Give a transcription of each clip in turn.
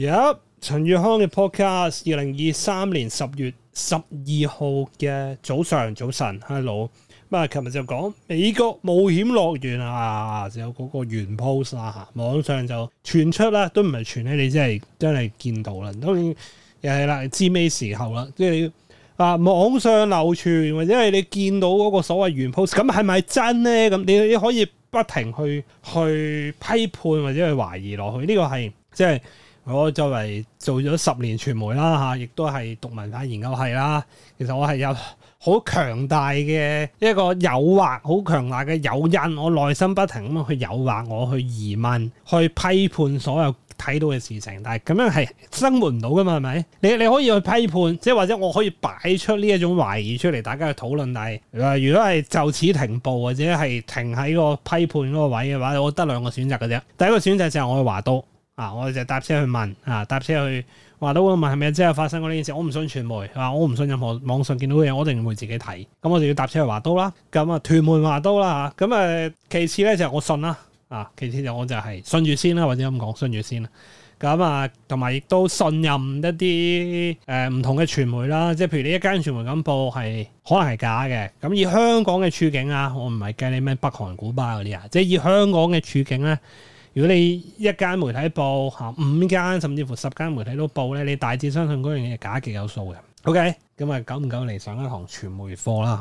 有陳玉康嘅 podcast，二零二三年十月十二號嘅早上早晨，hello。咁啊，琴日就講美國冒險樂園啊，就有嗰個原 post 啊，網上就傳出啦，都唔係傳咧，你真係真係見到啦。當然，又係啦，知咩時候啦？即係你啊，網上流傳或者係你見到嗰個所謂原 post，咁係咪真咧？咁你你可以不停去去批判或者去懷疑落去，呢個係即係。我作為做咗十年傳媒啦吓，亦都係讀文化研究系啦。其實我係有好強大嘅一個誘惑，好強大嘅誘因。我內心不停咁去誘惑我，我去疑問，去批判所有睇到嘅事情。但係咁樣係生活唔到噶嘛，係咪？你你可以去批判，即係或者我可以擺出呢一種懷疑出嚟，大家去討論。但係如果係就此停步，或者係停喺個批判嗰個位嘅話，我得兩個選擇嘅啫。第一個選擇就係我去華都。啊！我哋就搭車去問啊，搭車去華、啊、都度問係咪真係發生過呢件事？我唔信傳媒，話、啊、我唔信任何網上見到嘅嘢，我一定會自己睇。咁、啊、我就要搭車去華都啦。咁啊，屯門華都啦嚇。咁、啊、誒，其次咧就我信啦。啊，其次就我就係信住先啦，或者咁講，信住先啦。咁啊，同埋亦都信任一啲誒唔同嘅傳媒啦、啊。即係譬如你一間傳媒咁報係可能係假嘅。咁、啊、以香港嘅處境啊，我唔係計你咩北韓、古巴嗰啲啊。即係以香港嘅處境咧。如果你一間媒體報嚇，五間甚至乎十間媒體都報咧，你大致相信嗰樣嘢假極有數嘅。OK，咁、嗯、啊，久唔久嚟上一堂傳媒課啦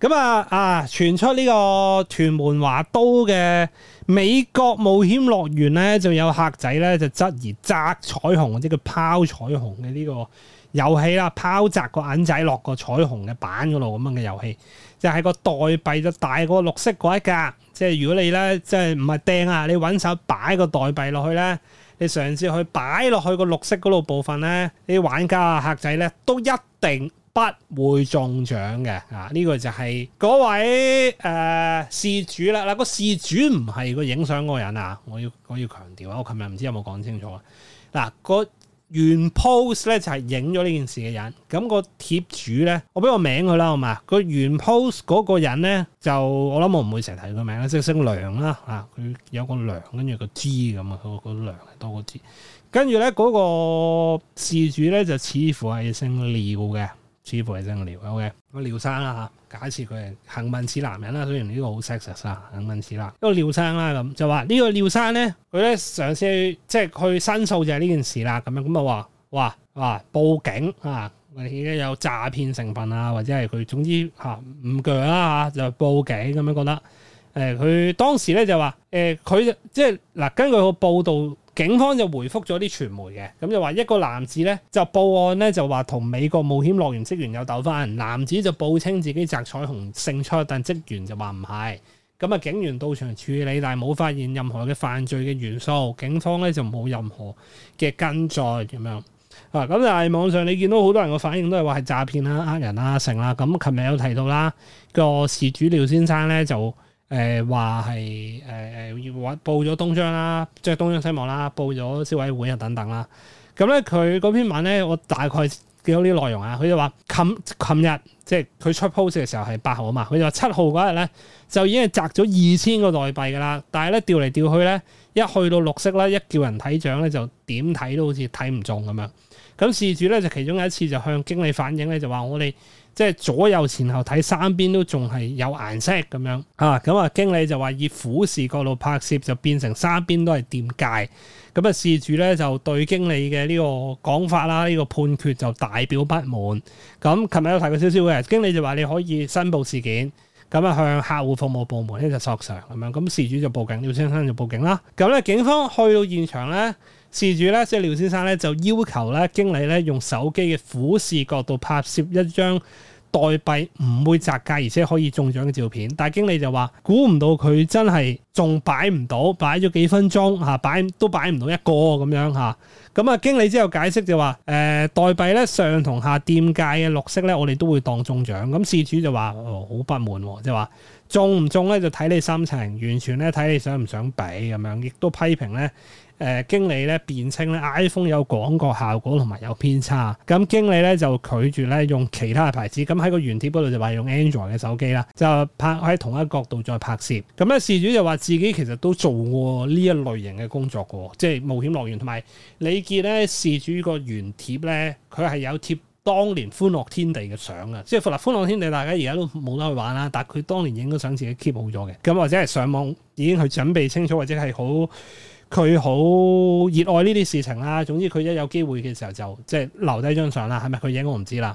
嚇。咁、嗯、啊啊，傳出呢個屯門華都嘅美國冒險樂園咧，就有客仔咧就質疑擲彩虹或者叫拋彩虹嘅呢個遊戲啦，拋擲個銀仔落個彩虹嘅板嗰度咁樣嘅遊戲，就係、是、個代幣就大過綠色嗰一格。即係如果你咧，即係唔係掟啊，你揾手擺個代幣落去咧，你嘗試去擺落去個綠色嗰度部分咧，啲玩家啊客仔咧都一定不會中獎嘅啊！呢個就係嗰位誒事主啦嗱，個事主唔係個影相嗰個人啊！我要我要強調啊，我琴日唔知有冇講清楚啊嗱，原 post 咧就係影咗呢件事嘅人，咁個貼主咧，我俾個名佢啦，好嘛？個原 post 嗰個人咧，就我諗我唔會成日提個名啦，即係姓梁啦，啊，佢有個梁跟住個 G 咁啊，個梁係多個 G，跟住咧嗰個事主咧就似乎係姓廖嘅。主播係真嘅，OK，個廖生啦吓，假設佢係幸運似男人啦，雖然呢個好 sex 啊，幸運似啦，呢個廖生啦咁就話呢、這個廖生咧，佢咧上次即係去申訴就係呢件事啦，咁樣咁啊話話話報警啊，或者有詐騙成分啊，或者係佢總之吓唔鋸啦吓，就是、報警咁樣覺得，誒、呃、佢當時咧就話，誒、呃、佢即係嗱根據個報道。警方就回覆咗啲傳媒嘅，咁就話一個男子咧就報案咧就話同美國冒險樂園職員有糾紛，男子就報稱自己摘彩虹勝出，但職員就話唔係。咁啊警員到場處理，但冇發現任何嘅犯罪嘅元素，警方咧就冇任何嘅跟進咁樣。啊，咁但係網上你見到好多人嘅反應都係話係詐騙啦、呃人啦、啊、成啦。咁琴日有提到啦，個事主廖先生咧就。誒話係誒誒要揾報咗東張啦，即係東張西望啦，報咗消委會啊等等啦。咁咧佢嗰篇文咧，我大概見到啲內容啊。佢就話，琴琴日即係佢出 post 嘅時候係八號啊嘛。佢就話七號嗰日咧就已經係摘咗二千個代幣噶啦，但係咧調嚟調去咧。一去到綠色啦，一叫人睇獎咧就點睇都好似睇唔中咁樣。咁事主咧就其中有一次就向經理反映咧，就話我哋即係左右前後睇三邊都仲係有顏色咁樣啊。咁啊經理就話以俯視角度拍攝就變成三邊都係掂界。咁啊事主咧就對經理嘅呢個講法啦，呢個判決就大表不滿。咁琴日有提過少少嘅經理就話你可以申報事件。咁啊，向客戶服務部門咧就索償咁樣，咁事主就報警，廖先生就報警啦。咁咧，警方去到現場咧，事主咧即係廖先生咧，就要求咧經理咧用手機嘅俯視角度拍攝一張代幣唔會砸價而且可以中獎嘅照片。但係經理就話，估唔到佢真係仲擺唔到，擺咗幾分鐘嚇，擺都擺唔到一個咁樣嚇。咁啊，經理之後解釋就話誒，代幣咧上同下掂界嘅綠色咧，我哋都會當中獎，咁事主就話哦，好不滿，即係話中唔中咧就睇、是、你心情，完全咧睇你想唔想俾咁樣，亦都批評咧，誒、呃、經理咧辯稱咧 iPhone 有廣告效果同埋有偏差。咁經理咧就拒絕咧用其他嘅牌子。咁喺個原帖嗰度就話用 Android 嘅手機啦，就拍喺同一角度再拍攝，咁咧事主就話自己其實都做過呢一類型嘅工作嘅，即係冒險樂園同埋你。見呢事主個原帖呢，佢係有貼當年歡樂天地嘅相啊，即係復立歡樂天地，大家而家都冇得去玩啦，但係佢當年影嘅相自己 keep 好咗嘅，咁或者係上網已經去準備清楚，或者係好。佢好熱愛呢啲事情啦，總之佢一有機會嘅時候就即係留低張相啦，係咪佢影我唔知啦。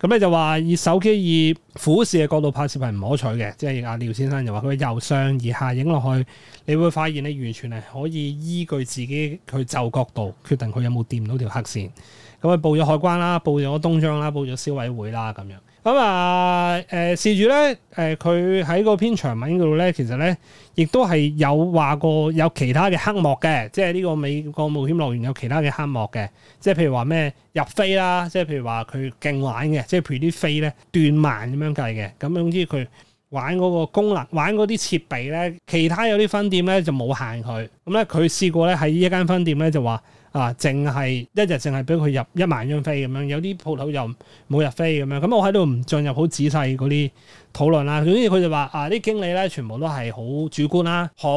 咁咧就話以手機以俯視嘅角度拍攝係唔可取嘅，即係阿廖先生就話佢由上而下影落去，你會發現你完全係可以依據自己去就角度決定佢有冇掂到條黑線。咁啊報咗海關啦，報咗東張啦，報咗消委會啦，咁樣。咁啊，誒事主咧，誒佢喺嗰篇長文度咧，其實咧亦都係有話過有其他嘅黑幕嘅，即係呢個美國冒險樂園有其他嘅黑幕嘅，即係譬如話咩入飛啦，即係譬如話佢勁玩嘅，即係譬如啲飛咧斷慢咁樣計嘅，咁總之佢玩嗰個功能，玩嗰啲設備咧，其他有啲分店咧就冇限佢，咁咧佢試過咧喺呢一間分店咧就話。啊！淨係一日淨係俾佢入一萬張飛咁樣，有啲鋪頭又冇入飛咁樣。咁我喺度唔進入好仔細嗰啲討論啦。總之佢就話：啊，啲經理咧全部都係好主觀啦，好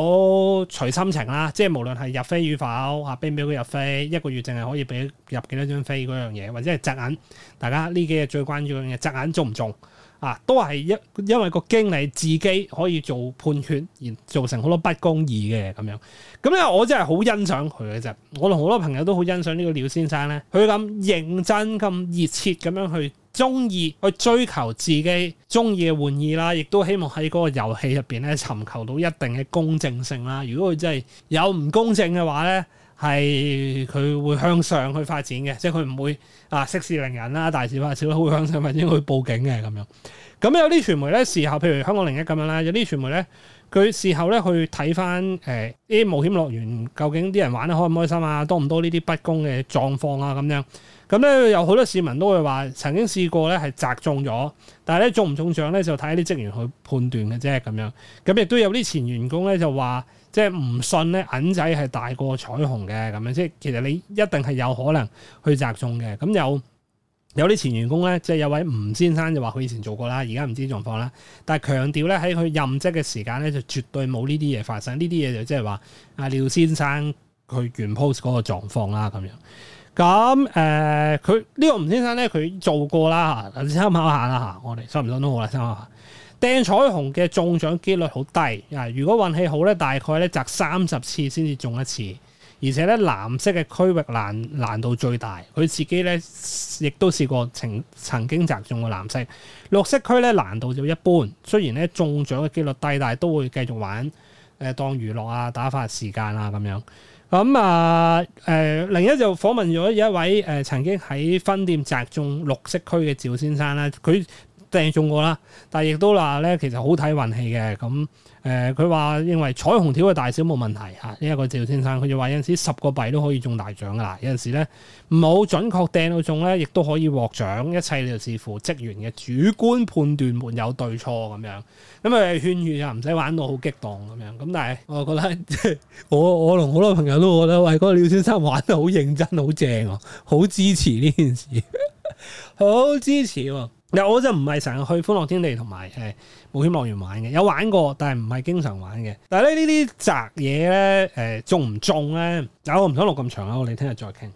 隨心情啦。即係無論係入飛與否啊，俾唔俾佢入飛，一個月淨係可以俾入幾多張飛嗰樣嘢，或者係砸銀。大家呢幾日最關注嘅嘢，砸銀中唔中？啊，都係一因為個經理自己可以做判決而造成好多不公義嘅咁樣。咁咧，我真係好欣賞佢嘅啫。我同好多朋友都好欣賞呢個廖先生咧，佢咁認真、咁熱切咁樣去中意、去追求自己中意嘅玩意啦，亦都希望喺嗰個遊戲入邊咧尋求到一定嘅公正性啦。如果佢真係有唔公正嘅話咧，係佢會向上去發展嘅，即係佢唔會啊，息事寧人啦，大事化小，都會向上面先去報警嘅咁樣。咁有啲傳媒咧，時候譬如香港零一咁樣啦，有啲傳媒咧。佢事後咧去睇翻，誒、呃，啲冒險樂園究竟啲人玩得開唔開心啊？多唔多呢啲不公嘅狀況啊？咁樣，咁咧有好多市民都會話，曾經試過咧係砸中咗，但係咧中唔中獎咧就睇啲職員去判斷嘅啫，咁樣，咁亦都有啲前員工咧就話，即係唔信咧銀仔係大過彩虹嘅，咁樣即係其實你一定係有可能去砸中嘅，咁有。有啲前員工咧，即係有位吳先生就話佢以前做過啦，而家唔知狀況啦。但係強調咧喺佢任職嘅時間咧，就絕對冇呢啲嘢發生。呢啲嘢就即係話阿廖先生佢原 post 嗰個狀況啦咁樣。咁誒佢呢個吳先生咧，佢做過啦嚇，你參考下啦嚇。我哋信唔信都好啦，參考下。掟彩虹嘅中獎機率好低啊！如果運氣好咧，大概咧摘三十次先至中一次。而且咧藍色嘅區域難難度最大，佢自己咧亦都試過曾曾經砸中過藍色。綠色區咧難度就一般，雖然咧中獎嘅機率低，但係都會繼續玩，誒、呃、當娛樂啊、打發時間啊咁樣。咁、嗯、啊誒、呃，另一就訪問咗一位誒、呃、曾經喺分店砸中綠色區嘅趙先生啦，佢。掟中過啦，但係亦都話咧，其實好睇運氣嘅。咁、嗯、誒，佢、呃、話認為彩虹條嘅大小冇問題吓。呢、這、一個廖先生，佢就話有陣時十個幣都可以中大獎噶啦。有陣時咧，唔好準確掟到中咧，亦都可以獲獎。一切就視乎職員嘅主觀判斷，沒有對錯咁樣。咁、嗯、啊，勸喻啊，唔使玩到好激動咁樣。咁但係，我覺得即係 我我同好多朋友都覺得喂，嗰、那個廖先生玩得好認真，好正、啊，好支持呢件事， 好支持、啊。嗱，我就唔係成日去歡樂天地同埋誒冒險樂園玩嘅，有玩過，但係唔係經常玩嘅。但係咧，呢啲雜嘢咧，誒中唔中咧？有，我唔想錄咁長喇！我哋聽日再傾。